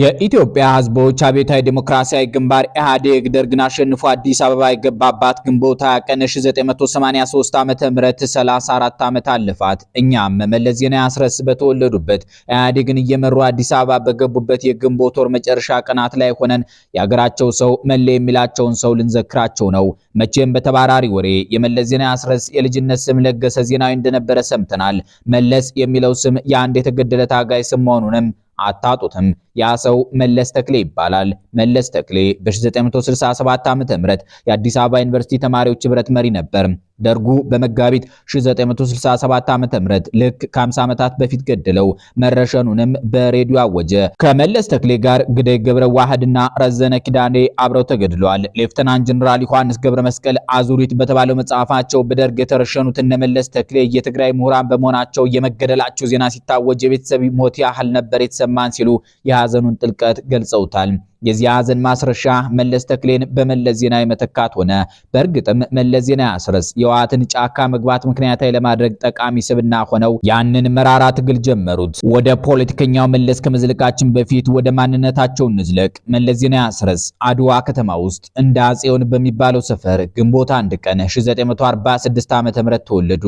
የኢትዮጵያ ህዝቦች አብዮታዊ ዲሞክራሲያዊ ግንባር ኢህአዴግ ደርግን አሸንፎ አዲስ አበባ የገባባት ግንቦት ቀን 1983 ዓመተ ምህረት 34 ዓመት አለፋት። እኛም መለስ ዜናዊ አስረስ በተወለዱበት ኢህአዴግን እየመሩ አዲስ አበባ በገቡበት የግንቦት ወር መጨረሻ ቀናት ላይ ሆነን የሀገራቸው ሰው መለ የሚላቸውን ሰው ልንዘክራቸው ነው። መቼም በተባራሪ ወሬ የመለስ ዜናዊ አስረስ የልጅነት ስም ለገሰ ዜናዊ እንደነበረ ሰምተናል። መለስ የሚለው ስም የአንድ የተገደለ ታጋይ ስም መሆኑንም አታጡትም። ያ ሰው መለስ ተክሌ ይባላል። መለስ ተክሌ በ1967 ዓ.ም የአዲስ አበባ ዩኒቨርሲቲ ተማሪዎች ህብረት መሪ ነበር። ደርጉ በመጋቢት 1967 ዓ.ም ልክ ከ50 ዓመታት በፊት ገደለው መረሸኑንም በሬዲዮ አወጀ። ከመለስ ተክሌ ጋር ግደይ ገብረ ዋህድና ረዘነ ኪዳኔ አብረው ተገድለዋል። ሌፍተናንት ጀነራል ዮሐንስ ገብረ መስቀል አዙሪት በተባለው መጽሐፋቸው በደርግ የተረሸኑት እነመለስ ተክሌ የትግራይ ምሁራን በመሆናቸው የመገደላቸው ዜና ሲታወጅ የቤተሰብ ሞት ያህል ነበር የተሰማን ሲሉ የሐዘኑን ጥልቀት ገልጸውታል። የዚያ ሐዘን ማስረሻ መለስ ተክሌን በመለስ ዜናዊ መተካት ሆነ። በእርግጥም መለስ ዜናዊ አስረስ የዋትን ጫካ መግባት ምክንያታዊ ለማድረግ ጠቃሚ ስብና ሆነው ያንን መራራ ትግል ጀመሩት። ወደ ፖለቲከኛው መለስ ከመዝለቃችን በፊት ወደ ማንነታቸው እንዝለቅ። መለስ ዜናዊ አስረስ አድዋ ከተማ ውስጥ እንደ አጼውን በሚባለው ሰፈር ግንቦት አንድ ቀን 1946 ዓ.ም ተወለዱ።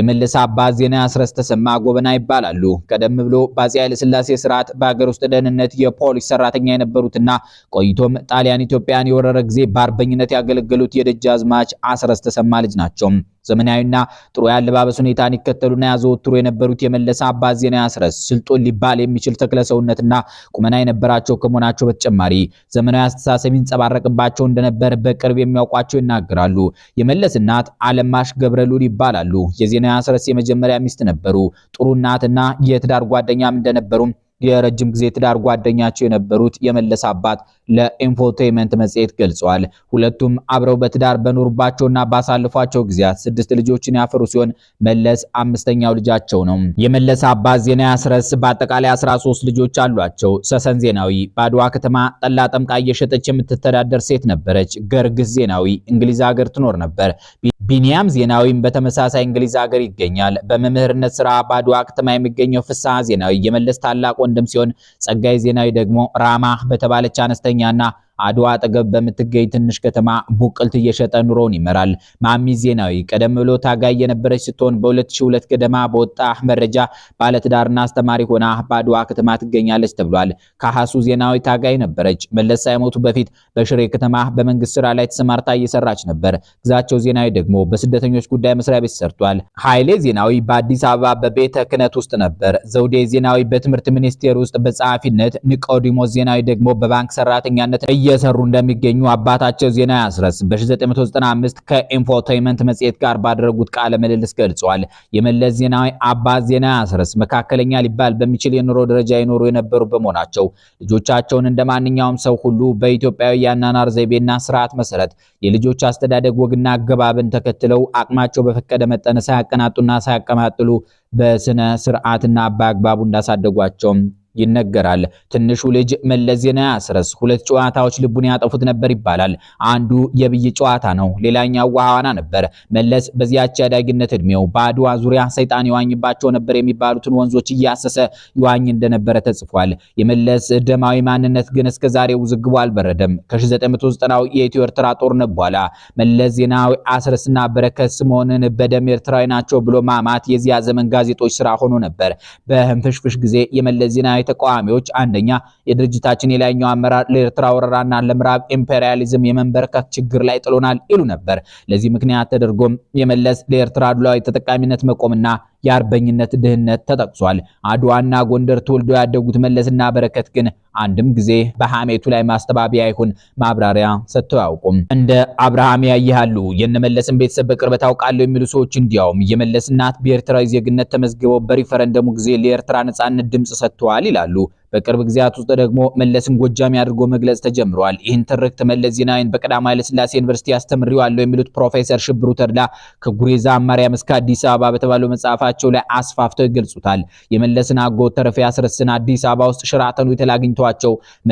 የመለስ አባት ዜናዊ አስረስ ተሰማ ጎበና ይባላሉ። ቀደም ብሎ በአጼ ኃይለስላሴ ስርዓት በአገር ውስጥ ደህንነት የፖሊስ ሰራተኛ የነበሩትና ቆይቶም ጣሊያን ኢትዮጵያን የወረረ ጊዜ በአርበኝነት ያገለገሉት የደጃዝማች አስረስ ተሰማ ልጅ ናቸው። ዘመናዊና ጥሩ ያለባበስ ሁኔታን ይከተሉና ያዘወትሩ የነበሩት የመለሰ አባ ዜና አስረስ ስልጡን ሊባል የሚችል ተክለሰውነትና ቁመና የነበራቸው ከመሆናቸው በተጨማሪ ዘመናዊ አስተሳሰብ ይንጸባረቅባቸው እንደነበር በቅርብ የሚያውቋቸው ይናገራሉ። የመለስ እናት አለማሽ ገብረሉል ይባላሉ። የዜና አስረስ የመጀመሪያ ሚስት ነበሩ። ጥሩ እናትና የትዳር ጓደኛም እንደነበሩም የረጅም ጊዜ ትዳር ጓደኛቸው የነበሩት የመለስ አባት ለኢንፎቴመንት መጽሔት ገልጸዋል። ሁለቱም አብረው በትዳር በኖሩባቸውና ባሳልፏቸው ጊዜያት ስድስት ልጆችን ያፈሩ ሲሆን መለስ አምስተኛው ልጃቸው ነው። የመለስ አባት ዜና ያስረስ በአጠቃላይ 13 ልጆች አሏቸው። ሰሰን ዜናዊ በአድዋ ከተማ ጠላ ጠምቃ እየሸጠች የምትተዳደር ሴት ነበረች። ገርግስ ዜናዊ እንግሊዝ ሀገር ትኖር ነበር። ቢኒያም ዜናዊም በተመሳሳይ እንግሊዝ ሀገር ይገኛል። በመምህርነት ስራ በአድዋ ከተማ የሚገኘው ፍስሐ ዜናዊ የመለስ ታላቅ ወንድም ሲሆን ጸጋይ ዜናዊ ደግሞ ራማ በተባለች አነስተኛና አድዋ አጠገብ በምትገኝ ትንሽ ከተማ ቡቅልት እየሸጠ ኑሮውን ይመራል። ማሚ ዜናዊ ቀደም ብሎ ታጋይ የነበረች ስትሆን በ2002 ገደማ በወጣ መረጃ ባለትዳርና አስተማሪ ሆና በአድዋ ከተማ ትገኛለች ተብሏል። ከሐሱ ዜናዊ ታጋይ ነበረች። መለስ ሳይሞቱ በፊት በሽሬ ከተማ በመንግስት ስራ ላይ ተሰማርታ እየሰራች ነበር። ግዛቸው ዜናዊ ደግሞ በስደተኞች ጉዳይ መስሪያ ቤት ሰርቷል። ኃይሌ ዜናዊ በአዲስ አበባ በቤተ ክህነት ውስጥ ነበር። ዘውዴ ዜናዊ በትምህርት ሚኒስቴር ውስጥ በጸሐፊነት፣ ኒቆዲሞስ ዜናዊ ደግሞ በባንክ ሰራተኛነት እየሰሩ እንደሚገኙ አባታቸው ዜና ያስረስ በ1995 ከኢንፎቴይመንት መጽሔት ጋር ባደረጉት ቃለ ምልልስ ገልጿል። የመለስ ዜናዊ አባት ዜና ያስረስ መካከለኛ ሊባል በሚችል የኑሮ ደረጃ ይኖሩ የነበሩ በመሆናቸው ልጆቻቸውን እንደ ማንኛውም ሰው ሁሉ በኢትዮጵያዊ የአናናር ዘይቤና ስርዓት መሰረት የልጆች አስተዳደግ ወግና አገባብን ተከትለው አቅማቸው በፈቀደ መጠን ሳያቀናጡና ሳያቀማጥሉ በስነ ስርዓትና በአግባቡ እንዳሳደጓቸውም ይነገራል። ትንሹ ልጅ መለስ ዜና ያስረስ ሁለት ጨዋታዎች ልቡን ያጠፉት ነበር ይባላል። አንዱ የብይ ጨዋታ ነው፣ ሌላኛው ውሃዋና ነበር። መለስ በዚያች ያዳጊነት እድሜው በአድዋ ዙሪያ ሰይጣን ይዋኝባቸው ነበር የሚባሉትን ወንዞች እያሰሰ ይዋኝ እንደነበረ ተጽፏል። የመለስ ደማዊ ማንነት ግን እስከዛሬ ውዝግቡ አልበረደም። ከ1990ው የኢትዮ ኤርትራ ጦርነት በኋላ መለስ ዜናዊ አስረስና በረከት ስምኦንን በደም ኤርትራዊ ናቸው ብሎ ማማት የዚያ ዘመን ጋዜጦች ስራ ሆኖ ነበር። በህንፍሽፍሽ ጊዜ የመለስ ዜናዊ ተቃዋሚዎች አንደኛ የድርጅታችን የላይኛው አመራር ለኤርትራ ወረራና ለምዕራብ ኢምፔሪያሊዝም የመንበርከክ ችግር ላይ ጥሎናል ይሉ ነበር። ለዚህ ምክንያት ተደርጎም የመለስ ለኤርትራ ሉዓላዊ ተጠቃሚነት መቆምና የአርበኝነት ድህነት ተጠቅሷል። አድዋና ጎንደር ተወልዶ ያደጉት መለስና በረከት ግን አንድም ጊዜ በሐሜቱ ላይ ማስተባበያ ይሁን ማብራሪያ ሰጥተው አያውቁም። እንደ አብርሃም ያያሉ የነመለስን ቤተሰብ በቅርበት አውቃለሁ የሚሉ ሰዎች እንዲያውም የመለስ እናት በኤርትራዊ ዜግነት ተመዝግበው በሪፈረንደሙ ጊዜ ለኤርትራ ነጻነት ድምጽ ሰጥተዋል ይላሉ። በቅርብ ጊዜያት ውስጥ ደግሞ መለስን ጎጃሜ አድርጎ መግለጽ ተጀምሯል። ይህን ትርክት መለስ ዜናዊን በቀዳማዊ ኃይለሥላሴ ዩኒቨርሲቲ አስተምሬዋለሁ የሚሉት ፕሮፌሰር ሽብሩ ተድላ ከጉሬዛ ማርያም እስከ አዲስ አበባ በተባለው መጽሐፋቸው ላይ አስፋፍተው ይገልጹታል። የመለስን አጎት ተረፈ ያስረስን አዲስ አበባ ውስጥ ሽራተኑ ሆቴል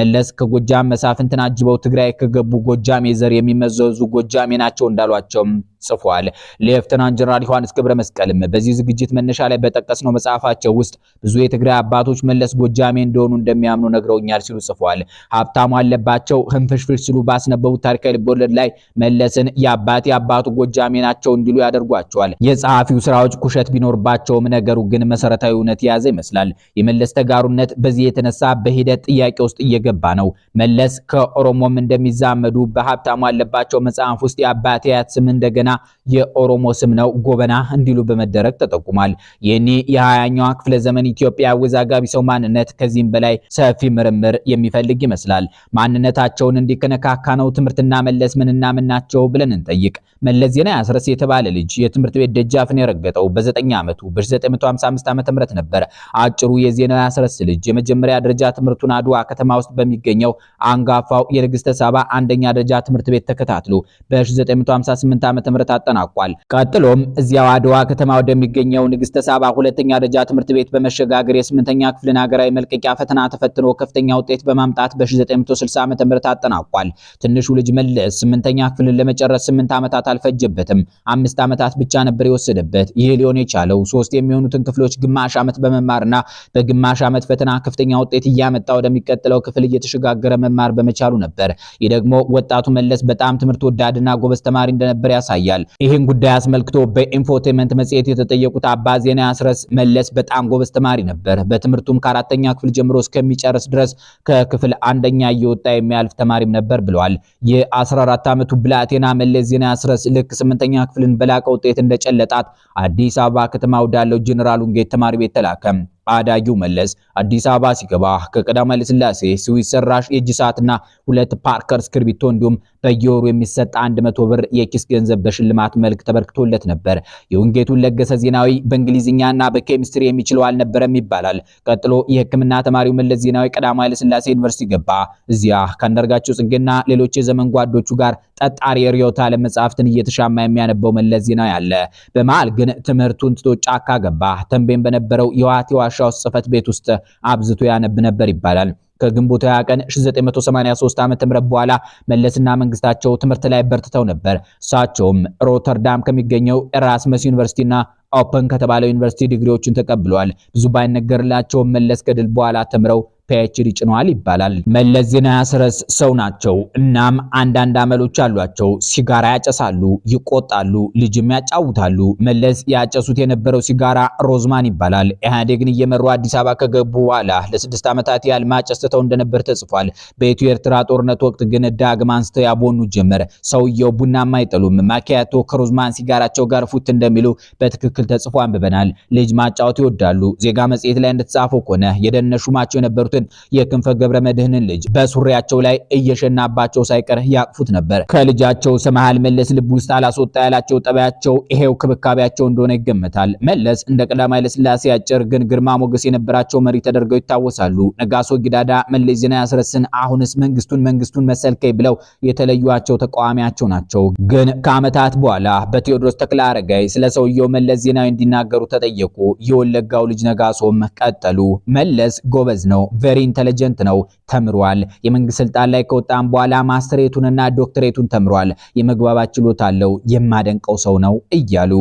መለስ ከጎጃም መሳፍንትን አጅበው ትግራይ ከገቡ ጎጃሜ ዘር የሚመዘዙ ጎጃሜ ናቸው እንዳሏቸውም ጽፏል። ሌፍትናንት ጀነራል ዮሐንስ ገብረ መስቀልም በዚህ ዝግጅት መነሻ ላይ በጠቀስነው መጽሐፋቸው ውስጥ ብዙ የትግራይ አባቶች መለስ ጎጃሜ እንደሆኑ እንደሚያምኑ ነግረውኛል ሲሉ ጽፏል። ሀብታሙ አለባቸው ህንፍሽፍሽ ሲሉ ባስነበቡት ታሪካዊ ልቦለድ ላይ መለስን የአባቴ አባቱ ጎጃሜ ናቸው እንዲሉ ያደርጓቸዋል። የጸሐፊው ስራዎች ኩሸት ቢኖርባቸውም ነገሩ ግን መሰረታዊ እውነት የያዘ ይመስላል። የመለስ ተጋሩነት በዚህ የተነሳ በሂደት ጥያቄ ውስጥ እየገባ ነው። መለስ ከኦሮሞም እንደሚዛመዱ በሀብታሙ አለባቸው መጽሐፍ ውስጥ የአባቴ አያት ስም እንደገና settimana የኦሮሞ ስም ነው ጎበና እንዲሉ በመደረግ ተጠቁሟል። ይህኒ የሀያኛዋ ክፍለ ዘመን ኢትዮጵያ ወዛጋቢ ሰው ማንነት ከዚህም በላይ ሰፊ ምርምር የሚፈልግ ይመስላል። ማንነታቸውን እንዲከነካካ ነው ትምህርትና መለስ ምንና ምናቸው ብለን እንጠይቅ። መለስ ዜና ያስረስ የተባለ ልጅ የትምህርት ቤት ደጃፍን የረገጠው በዘጠኝ ዓመቱ በ955 ዓ ም ነበር። አጭሩ የዜና ያስረስ ልጅ የመጀመሪያ ደረጃ ትምህርቱን አድዋ ከተማ ውስጥ በሚገኘው አንጋፋው የንግሥተ ሳባ አንደኛ ደረጃ ትምህርት ቤት ተከታትሎ በ958 ዓ ም ተጠናቋል። ቀጥሎም እዚያው አድዋ ከተማ ወደሚገኘው ንግስተ ሳባ ሁለተኛ ደረጃ ትምህርት ቤት በመሸጋገር የስምንተኛ ክፍልን ሀገራዊ መልቀቂያ ፈተና ተፈትኖ ከፍተኛ ውጤት በማምጣት በ1960 ዓ.ም አጠናቋል። ትንሹ ልጅ መለስ ስምንተኛ ክፍልን ለመጨረስ ስምንት ዓመታት አልፈጀበትም። አምስት ዓመታት ብቻ ነበር የወሰደበት። ይህ ሊሆን የቻለው ሶስት የሚሆኑትን ክፍሎች ግማሽ ዓመት በመማርና በግማሽ ዓመት ፈተና ከፍተኛ ውጤት እያመጣ ወደሚቀጥለው ክፍል እየተሸጋገረ መማር በመቻሉ ነበር። ይህ ደግሞ ወጣቱ መለስ በጣም ትምህርት ወዳድና ጎበዝ ተማሪ እንደነበር ያሳያል። ይህን ጉዳይ አስመልክቶ በኢንፎቴመንት መጽሔት የተጠየቁት አባ ዜና ያስረስ መለስ በጣም ጎበዝ ተማሪ ነበር። በትምህርቱም ከአራተኛ ክፍል ጀምሮ እስከሚጨርስ ድረስ ከክፍል አንደኛ እየወጣ የሚያልፍ ተማሪም ነበር ብለዋል። የ14 ዓመቱ ብላቴና መለስ ዜና ያስረስ ልክ ስምንተኛ ክፍልን በላቀ ውጤት እንደጨለጣት አዲስ አበባ ከተማ ወዳለው ጄኔራል ውንጌት ተማሪ ቤት ተላከ። አዳጊው መለስ አዲስ አበባ ሲገባ ከቀዳማዊ ኃይለ ስዊስ ሰራሽ የእጅ ሰዓትና ሁለት ፓርከር እስክርቢቶ እንዲሁም በየወሩ የሚሰጥ 100 መቶ ብር የኪስ ገንዘብ በሽልማት መልክ ተበርክቶለት ነበር። የውንጌቱን ለገሰ ዜናዊ በእንግሊዝኛና በኬሚስትሪ የሚችለው አልነበረም ይባላል። ቀጥሎ የሕክምና ተማሪው መለስ ዜናዊ ቀዳማዊ ለስላሴ ዩኒቨርሲቲ ገባ። እዚያ ከአንዳርጋቸው ጽጌና ሌሎች የዘመን ጓዶቹ ጋር ጠጣሪ የርዕዮተ ዓለም መጽሐፍትን እየተሻማ የሚያነበው መለስ ዜናዊ አለ። በመሃል ግን ትምህርቱን ትቶ ጫካ ገባ። ተንቤን በነበረው የዋቴዋሽ ጋሻው ጽሕፈት ቤት ውስጥ አብዝቶ ያነብ ነበር ይባላል። ከግንቦት 20 ቀን 1983 ዓ.ም በኋላ መለስና መንግስታቸው ትምህርት ላይ በርትተው ነበር። እሳቸውም ሮተርዳም ከሚገኘው ኤራስመስ ዩኒቨርሲቲና ኦፕን ከተባለው ዩኒቨርሲቲ ዲግሪዎችን ተቀብለዋል። ብዙ ባይነገርላቸውም መለስ ከድል በኋላ ተምረው ፒኤችዲ ጭነዋል ይባላል። መለስ ዜናዊ አስረስ ሰው ናቸው። እናም አንዳንድ አመሎች አሏቸው። ሲጋራ ያጨሳሉ፣ ይቆጣሉ፣ ልጅም ያጫውታሉ። መለስ ያጨሱት የነበረው ሲጋራ ሮዝማን ይባላል። ኢህአዴግን እየመሩ አዲስ አበባ ከገቡ በኋላ ለስድስት ዓመታት ያህል ማጨስ ትተው እንደነበር ተጽፏል። በኢትዮ ኤርትራ ጦርነት ወቅት ግን ዳግም አንስተው ያቦኑ ጀመር። ሰውየው ቡናም አይጠሉም። ማኪያቶ ከሮዝማን ሲጋራቸው ጋር ፉት እንደሚሉ በትክክል ተጽፎ አንብበናል። ልጅ ማጫወት ይወዳሉ። ዜጋ መጽሔት ላይ እንደተጻፈው ከሆነ የደህንነት ሹማቸው የነበሩት ያደረሱትን የክንፈ ገብረ መድህንን ልጅ በሱሪያቸው ላይ እየሸናባቸው ሳይቀር ያቅፉት ነበር። ከልጃቸው ሰመሃል መለስ ልብ ውስጥ አላስወጣ ያላቸው ጠባያቸው ይሄው ክብካቤያቸው እንደሆነ ይገመታል። መለስ እንደ ቀዳማዊ ለስላሴ አጭር ግን ግርማ ሞገስ የነበራቸው መሪ ተደርገው ይታወሳሉ። ነጋሶ ጊዳዳ መለስ ዜናዊ ያስረስን አሁንስ መንግስቱን መንግስቱን መሰልከኝ ብለው የተለዩቸው ተቃዋሚያቸው ናቸው። ግን ከአመታት በኋላ በቴዎድሮስ ተክለ አረጋይ ስለ ሰውየው መለስ ዜናዊ እንዲናገሩ ተጠየቁ። የወለጋው ልጅ ነጋሶም ቀጠሉ። መለስ ጎበዝ ነው ቬሪ ኢንተለጀንት ነው፣ ተምሯል። የመንግስት ስልጣን ላይ ከወጣም በኋላ ማስትሬቱንና ዶክትሬቱን ተምሯል። የመግባባት ችሎታ አለው፣ የማደንቀው ሰው ነው እያሉ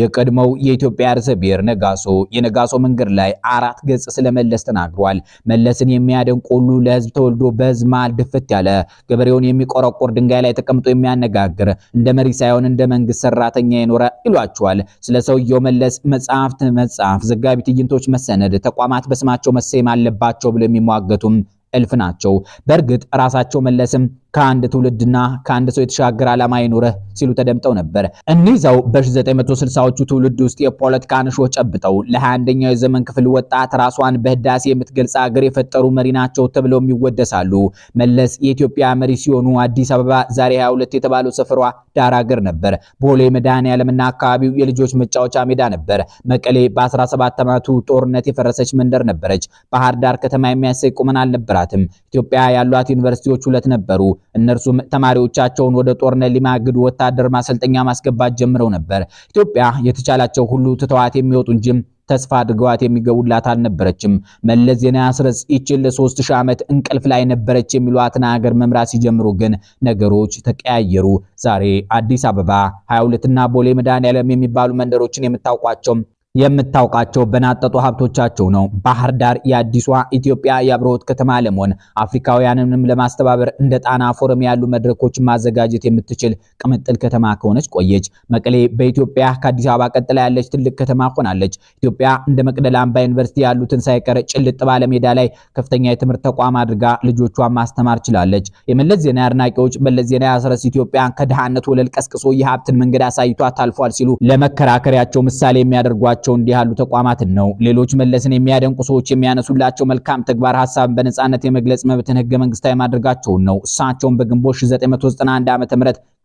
የቀድሞው የኢትዮጵያ ርዕሰ ብሔር ነጋሶ የነጋሶ መንገድ ላይ አራት ገጽ ስለመለስ ተናግሯል። መለስን የሚያደንቅ ሁሉ ለህዝብ ተወልዶ በህዝብ መሃል ድፍት ያለ ገበሬውን የሚቆረቆር ድንጋይ ላይ ተቀምጦ የሚያነጋግር እንደ መሪ ሳይሆን እንደ መንግስት ሰራተኛ የኖረ ይሏቸዋል። ስለ ሰውየው መለስ መጽሐፍት መጽሐፍ፣ ዘጋቢ ትዕይንቶች መሰነድ፣ ተቋማት በስማቸው መሰየም አለባቸው ብሎ የሚሟገቱም እልፍ ናቸው። በእርግጥ ራሳቸው መለስም ከአንድ ትውልድና ከአንድ ሰው የተሻገረ ዓላማ ይኑረህ ሲሉ ተደምጠው ነበር። እኒህ ሰው በ1960ዎቹ ትውልድ ውስጥ የፖለቲካ አንሾ ጨብጠው ለ21ኛው የዘመን ክፍል ወጣት ራሷን በህዳሴ የምትገልጽ አገር የፈጠሩ መሪ ናቸው ተብለውም ይወደሳሉ። መለስ የኢትዮጵያ መሪ ሲሆኑ አዲስ አበባ ዛሬ 22 የተባለው ሰፈሯ ዳር አገር ነበር። ቦሌ መድኃኔዓለምና አካባቢው የልጆች መጫወቻ ሜዳ ነበር። መቀሌ በ17 ዓመቱ ጦርነት የፈረሰች መንደር ነበረች። ባህር ዳር ከተማ የሚያሰይ ቁመን አልነበራትም። ኢትዮጵያ ያሏት ዩኒቨርሲቲዎች ሁለት ነበሩ። እነርሱም ተማሪዎቻቸውን ወደ ጦርነት ሊማግዱ ወታደር ማሰልጠኛ ማስገባት ጀምረው ነበር። ኢትዮጵያ የተቻላቸው ሁሉ ትተዋት የሚወጡ እንጂ ተስፋ አድርገዋት የሚገቡላት አልነበረችም። መለስ ዜና ያስረጽ ይችል ለሶስት ሺህ ዓመት እንቅልፍ ላይ ነበረች የሚሏትን ሀገር መምራት ሲጀምሩ ግን ነገሮች ተቀያየሩ። ዛሬ አዲስ አበባ 22 እና ቦሌ መድኃኔዓለም የሚባሉ መንደሮችን የምታውቋቸው የምታውቃቸው በናጠጡ ሀብቶቻቸው ነው። ባህር ዳር የአዲሷ ኢትዮጵያ የአብሮት ከተማ ለመሆን አፍሪካውያንንም ለማስተባበር እንደ ጣና ፎረም ያሉ መድረኮች ማዘጋጀት የምትችል ቅምጥል ከተማ ከሆነች ቆየች። መቀሌ በኢትዮጵያ ከአዲስ አበባ ቀጥላ ያለች ትልቅ ከተማ ሆናለች። ኢትዮጵያ እንደ መቅደላ አምባ ዩኒቨርሲቲ ያሉትን ሳይቀር ጭልጥ ባለ ሜዳ ላይ ከፍተኛ የትምህርት ተቋም አድርጋ ልጆቿን ማስተማር ችላለች። የመለስ ዜና አድናቂዎች መለስ ዜና ያስረስ ኢትዮጵያ ከድሃነት ወለል ቀስቅሶ የሀብትን መንገድ አሳይቷ ታልፏል ሲሉ ለመከራከሪያቸው ምሳሌ የሚያደርጓቸው ያሏቸው እንዲህ ያሉ ተቋማትን ነው። ሌሎች መለስን የሚያደንቁ ሰዎች የሚያነሱላቸው መልካም ተግባር ሀሳብን በነጻነት የመግለጽ መብትን ህገ መንግስታዊ ማድረጋቸውን ነው። እሳቸውን በግንቦት 1991 ዓ.ም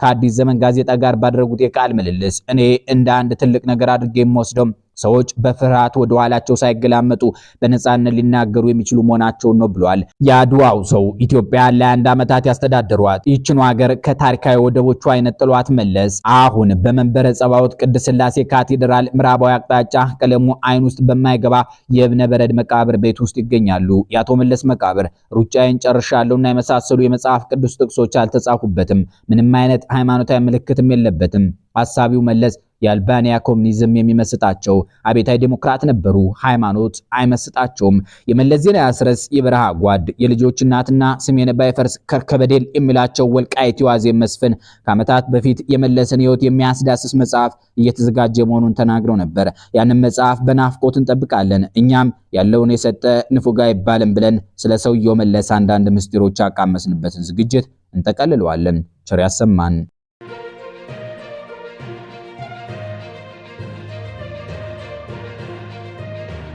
ከአዲስ ዘመን ጋዜጣ ጋር ባደረጉት የቃል ምልልስ እኔ እንደ አንድ ትልቅ ነገር አድርጌ የምወስደው ሰዎች በፍርሃት ወደ ኋላቸው ሳይገላመጡ በነጻነት ሊናገሩ የሚችሉ መሆናቸውን ነው ብሏል። የአድዋው ሰው ኢትዮጵያ ለአንድ ዓመታት ያስተዳደሯት ይህችኑ ሀገር ከታሪካዊ ወደቦቿ ጥሏት መለስ አሁን በመንበረ ጸባዖት ቅድስት ስላሴ ካቴድራል ምዕራባዊ አቅጣጫ ቀለሙ አይን ውስጥ በማይገባ የእብነ በረድ መቃብር ቤት ውስጥ ይገኛሉ። የአቶ መለስ መቃብር ሩጫዬን ጨርሻለሁና የመሳሰሉ የመጽሐፍ ቅዱስ ጥቅሶች አልተጻፉበትም። ምንም አይነት ሃይማኖታዊ ምልክትም የለበትም። አሳቢው መለስ የአልባኒያ ኮሚኒዝም የሚመስጣቸው አቤታይ ዲሞክራት ነበሩ። ሃይማኖት አይመስጣቸውም። የመለስ ዜናዊ አስረስ የበረሃ ጓድ የልጆች እናትና ስሜነ ባይፈርስ ከርከበዴል የሚላቸው ወልቃይት ዋዜም መስፍን ከዓመታት በፊት የመለስን ሕይወት የሚያስዳስስ መጽሐፍ እየተዘጋጀ መሆኑን ተናግረው ነበር። ያንን መጽሐፍ በናፍቆት እንጠብቃለን። እኛም ያለውን የሰጠ ንፉግ አይባልም ብለን ስለ ሰውየው መለስ አንዳንድ ምስጢሮች አቃመስንበትን ዝግጅት እንጠቀልለዋለን። ቸር ያሰማን።